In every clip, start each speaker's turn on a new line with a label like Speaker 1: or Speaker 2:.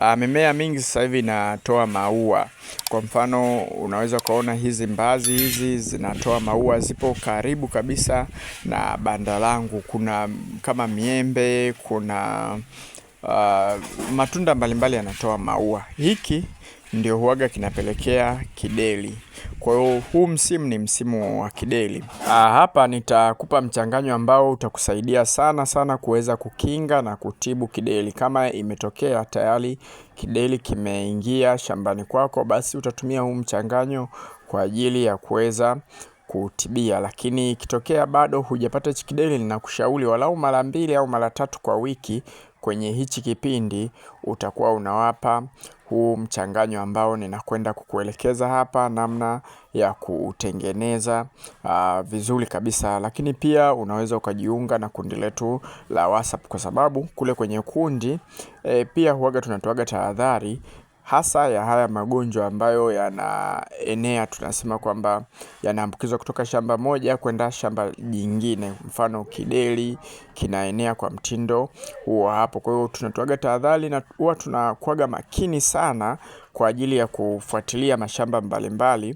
Speaker 1: Uh, mimea mingi sasa hivi inatoa maua. Kwa mfano, unaweza ukaona hizi mbazi hizi zinatoa maua, zipo karibu kabisa na banda langu. Kuna kama miembe, kuna uh, matunda mbalimbali yanatoa maua. Hiki ndio huaga kinapelekea kideli. Kwa hiyo huu msimu ni msimu wa kideli. Aa, ah, hapa nitakupa mchanganyo ambao utakusaidia sana sana kuweza kukinga na kutibu kideli. Kama imetokea tayari kideli kimeingia shambani kwako, basi utatumia huu mchanganyo kwa ajili ya kuweza kutibia. Lakini ikitokea bado hujapata hichi kideli, ninakushauri walau mara mbili au mara tatu kwa wiki kwenye hichi kipindi utakuwa unawapa huu mchanganyo ambao ninakwenda kukuelekeza hapa namna ya kuutengeneza uh, vizuri kabisa. Lakini pia unaweza ukajiunga na kundi letu la WhatsApp kwa sababu kule kwenye kundi e, pia huaga tunatoaga tahadhari hasa ya haya magonjwa ambayo yanaenea, tunasema kwamba yanaambukizwa kutoka shamba moja kwenda shamba jingine. Mfano kideri kinaenea kwa mtindo huo hapo. Kwa hiyo tunatuaga tahadhari na huwa tunakuaga makini sana kwa ajili ya kufuatilia mashamba mbalimbali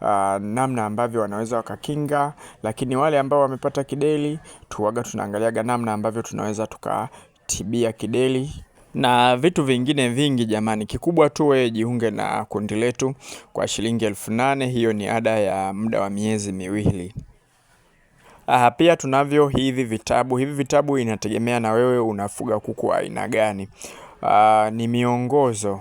Speaker 1: mbali, ah, namna ambavyo wanaweza wakakinga, lakini wale ambao wamepata kideri tuwaga tunaangaliaga namna ambavyo tunaweza tukatibia kideri
Speaker 2: na vitu vingine vingi jamani. Kikubwa tu wewe jiunge na kundi letu kwa shilingi elfu nane. Hiyo ni ada ya muda wa miezi miwili. Aha, pia tunavyo hivi vitabu. Hivi vitabu inategemea na wewe unafuga kuku aina gani. Aa, ni miongozo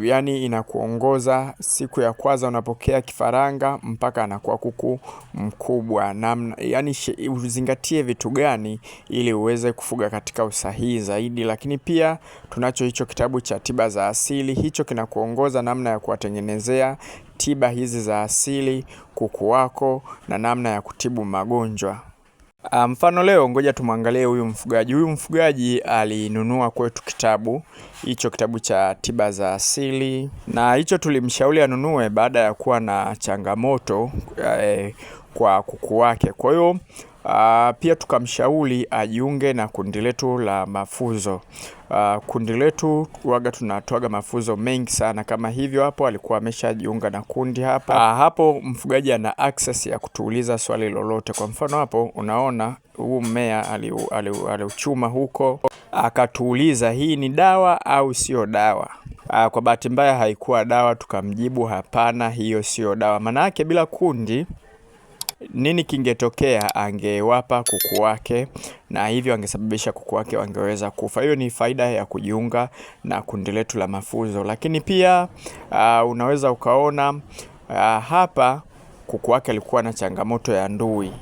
Speaker 2: yani inakuongoza siku ya kwanza unapokea kifaranga mpaka anakuwa kuku mkubwa namna, yani uzingatie vitu gani ili uweze kufuga katika usahihi zaidi. Lakini pia tunacho hicho kitabu cha tiba za asili, hicho kinakuongoza namna ya kuwatengenezea tiba hizi za asili kuku wako na namna ya kutibu magonjwa. Ah, mfano leo ngoja tumwangalie huyu mfugaji. Huyu mfugaji alinunua kwetu kitabu hicho, kitabu cha tiba za asili, na hicho tulimshauri anunue baada ya kuwa na changamoto eh, kwa kuku wake. Kwa hiyo Uh, pia tukamshauri ajiunge uh, na kundi letu la mafunzo uh, kundi letu waga tunatoaga mafunzo mengi sana kama hivyo. Hapo alikuwa ameshajiunga na kundi hapa Uh, hapo mfugaji ana access ya kutuuliza swali lolote. Kwa mfano hapo unaona huu mmea aliuchuma huko, akatuuliza hii ni dawa au sio dawa? Kwa bahati mbaya haikuwa dawa, tukamjibu hapana, hiyo sio dawa. Maana yake bila kundi nini kingetokea angewapa kuku wake na hivyo angesababisha kuku wake wangeweza kufa. Hiyo ni faida ya kujiunga na kundi letu la mafunzo. Lakini pia uh, unaweza ukaona uh, hapa kuku wake alikuwa na changamoto ya ndui.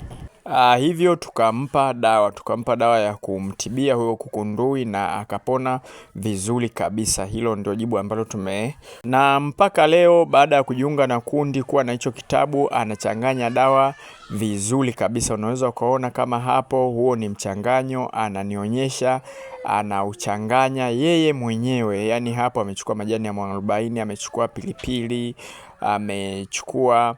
Speaker 2: Uh, hivyo tukampa dawa, tukampa dawa ya kumtibia huyo kukundui na akapona vizuri kabisa. Hilo ndio jibu ambalo tume, na mpaka leo baada ya kujiunga na kundi kuwa na hicho kitabu, anachanganya dawa vizuri kabisa. Unaweza ukaona kama hapo, huo ni mchanganyo, ananionyesha anauchanganya yeye mwenyewe. Yani hapo amechukua majani ya mwarobaini, amechukua pilipili, amechukua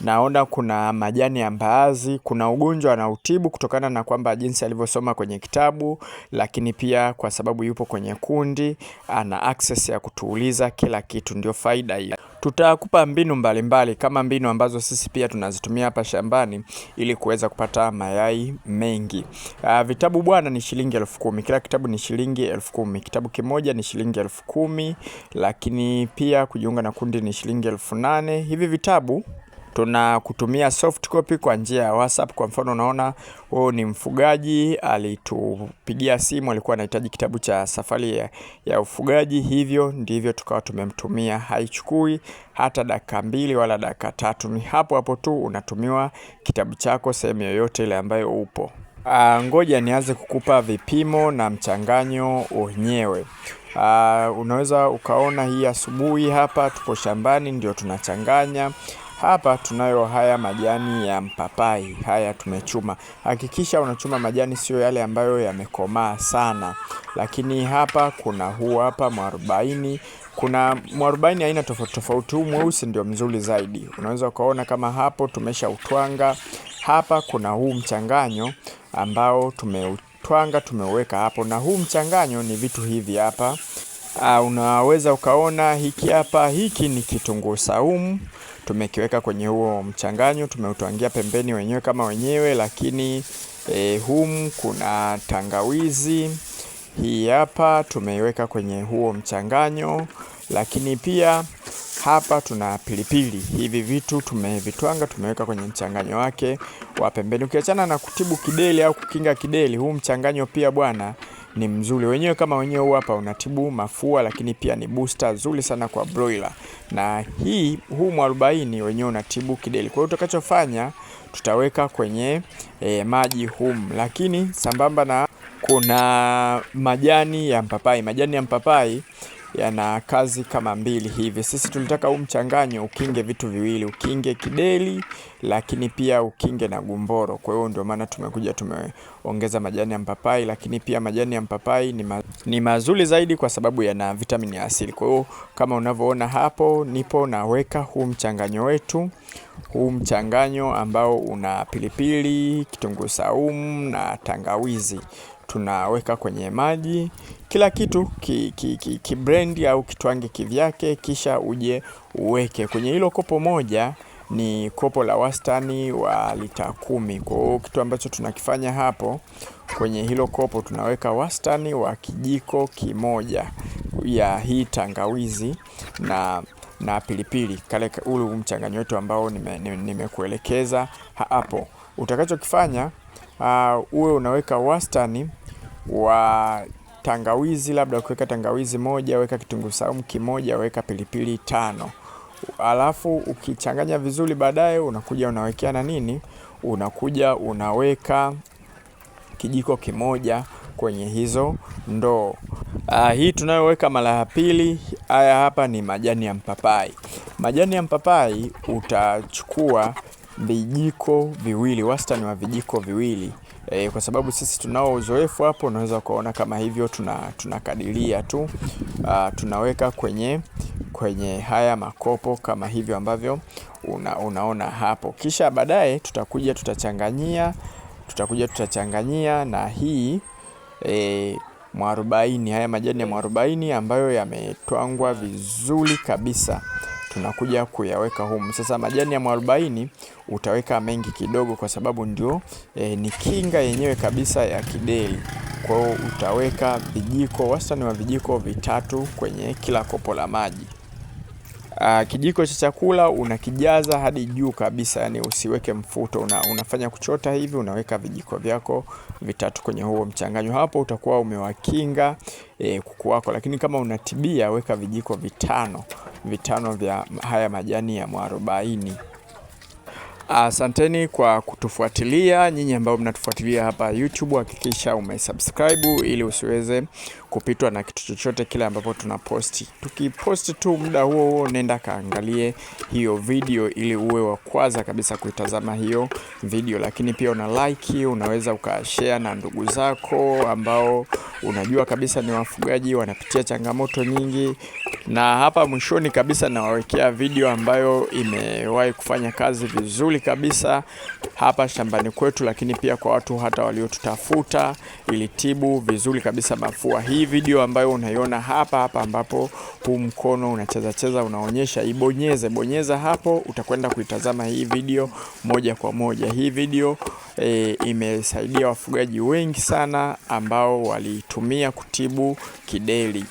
Speaker 2: naona kuna majani ya mbaazi, kuna ugonjwa anautibu kutokana na kwamba jinsi alivyosoma kwenye kitabu, lakini pia kwa sababu yupo kwenye kundi ana access ya kutuuliza kila kitu, ndio faida hiyo. Tutakupa mbinu mbalimbali mbali, kama mbinu ambazo sisi pia tunazitumia hapa shambani ili kuweza kupata mayai mengi. Uh, vitabu bwana ni shilingi elfu kumi. Kila kitabu ni shilingi elfu kumi. Kitabu kimoja ni shilingi elfu kumi, lakini pia kujiunga na kundi ni shilingi elfu nane. Hivi vitabu kutumia soft copy kwa njia ya WhatsApp. Kwa mfano, unaona huyu oh, ni mfugaji, alitupigia simu, alikuwa anahitaji kitabu cha safari ya, ya ufugaji. Hivyo ndivyo tukawa tumemtumia, haichukui hata dakika mbili wala dakika tatu, ni hapo hapo tu unatumiwa kitabu chako sehemu yoyote ile ambayo upo. Uh, ngoja nianze kukupa vipimo na mchanganyo wenyewe. Uh, unaweza ukaona hii asubuhi hapa tuko shambani ndio tunachanganya hapa tunayo haya majani ya mpapai, haya tumechuma. Hakikisha unachuma majani sio yale ambayo yamekomaa sana, lakini hapa kuna huu hapa mwarobaini. Kuna mwarobaini aina tofauti tofauti, huu mweusi ndio mzuri zaidi. Unaweza ukaona kama hapo tumesha utwanga Hapa kuna huu mchanganyo ambao tumeutwanga tumeuweka hapo, na huu mchanganyo ni vitu hivi hapa Uh, unaweza ukaona hiki hapa, hiki ni kitunguu saumu tumekiweka kwenye huo mchanganyo, tumeutwangia pembeni wenyewe kama wenyewe, lakini e, eh, humu kuna tangawizi hii hapa tumeiweka kwenye huo mchanganyo, lakini pia hapa tuna pilipili. Hivi vitu tumevitwanga tumeweka kwenye mchanganyo wake wa pembeni. Ukiachana na kutibu kideli au kukinga kideli, huu mchanganyo pia bwana ni mzuri wenyewe kama wenyewe huu hapa unatibu mafua, lakini pia ni booster nzuri sana kwa broiler, na hii huu mwarobaini wenyewe unatibu kideli. Kwa hiyo utakachofanya tutaweka kwenye e, maji hum lakini sambamba na kuna majani ya mpapai. Majani ya mpapai yana kazi kama mbili hivi. Sisi tulitaka huu mchanganyo ukinge vitu viwili, ukinge kideli lakini pia ukinge na gumboro. Kwa hiyo ndio maana tumekuja tumeongeza majani ya mpapai, lakini pia majani ya mpapai ni, ma ni mazuri zaidi kwa sababu yana vitamini ya asili. Kwa hiyo kama unavyoona hapo, nipo naweka huu mchanganyo wetu, huu mchanganyo ambao una pilipili, kitunguu saumu na tangawizi tunaweka kwenye maji kila kitu ki, ki, ki, ki au kitwange kivyake, kisha uje uweke kwenye hilo kopo moja ni kopo la wastani wa lita kumi. Kwa hiyo kitu ambacho tunakifanya hapo kwenye hilo kopo tunaweka wastani wa kijiko kimoja ya hii tangawizi na na pilipili kale ule mchanganyo wetu ambao nimekuelekeza nime, nime hapo. Utakachokifanya uh, uwe unaweka wastani wa tangawizi, labda ukiweka tangawizi moja, weka kitunguu saumu kimoja, weka pilipili tano, alafu ukichanganya vizuri, baadaye unakuja unawekea na nini, unakuja unaweka kijiko kimoja kwenye hizo ndoo. Uh, hii tunayoweka mara ya pili, haya hapa ni majani ya mpapai. Majani ya mpapai utachukua vijiko viwili, wastani wa vijiko viwili e, kwa sababu sisi tunao uzoefu hapo, unaweza ukaona kama hivyo tunakadiria tuna tu a, ah, tunaweka kwenye kwenye haya makopo kama hivyo ambavyo una, unaona hapo, kisha baadaye tutakuja tutachanganyia tutakuja tutachanganyia na hii e, eh, mwarobaini haya majani ya mwarobaini ambayo yametwangwa vizuri kabisa tunakuja kuyaweka humu. Sasa majani ya mwarobaini utaweka mengi kidogo, kwa sababu ndio e, ni kinga yenyewe kabisa ya kideri. Kwa hiyo utaweka vijiko, wastani wa vijiko vitatu kwenye kila kopo la maji. Uh, kijiko cha chakula unakijaza hadi juu kabisa, yani usiweke mfuto. Una, unafanya kuchota hivi, unaweka vijiko vyako vitatu kwenye huo mchanganyo. Hapo utakuwa umewakinga e, kuku wako, lakini kama unatibia, weka vijiko vitano vitano vya haya majani ya mwarobaini. Asanteni kwa kutufuatilia. Nyinyi ambao mnatufuatilia hapa YouTube, hakikisha umesubscribe ili usiweze kupitwa na kitu chochote kile ambapo tunaposti. Tukiposti tu muda huo huo, nenda kaangalie hiyo video ili uwe wa kwanza kabisa kuitazama hiyo video. Lakini pia una like, unaweza ukashare na ndugu zako ambao unajua kabisa ni wafugaji, wanapitia changamoto nyingi na hapa mwishoni kabisa nawawekea video ambayo imewahi kufanya kazi vizuri kabisa hapa shambani kwetu, lakini pia kwa watu hata waliotutafuta ilitibu vizuri kabisa mafua. Hii video ambayo unaiona hapa hapa, ambapo huu mkono unacheza cheza unaonyesha, ibonyeze bonyeza hapo, utakwenda kuitazama hii video moja kwa moja. Hii video e, imesaidia wafugaji wengi sana ambao walitumia kutibu kideri.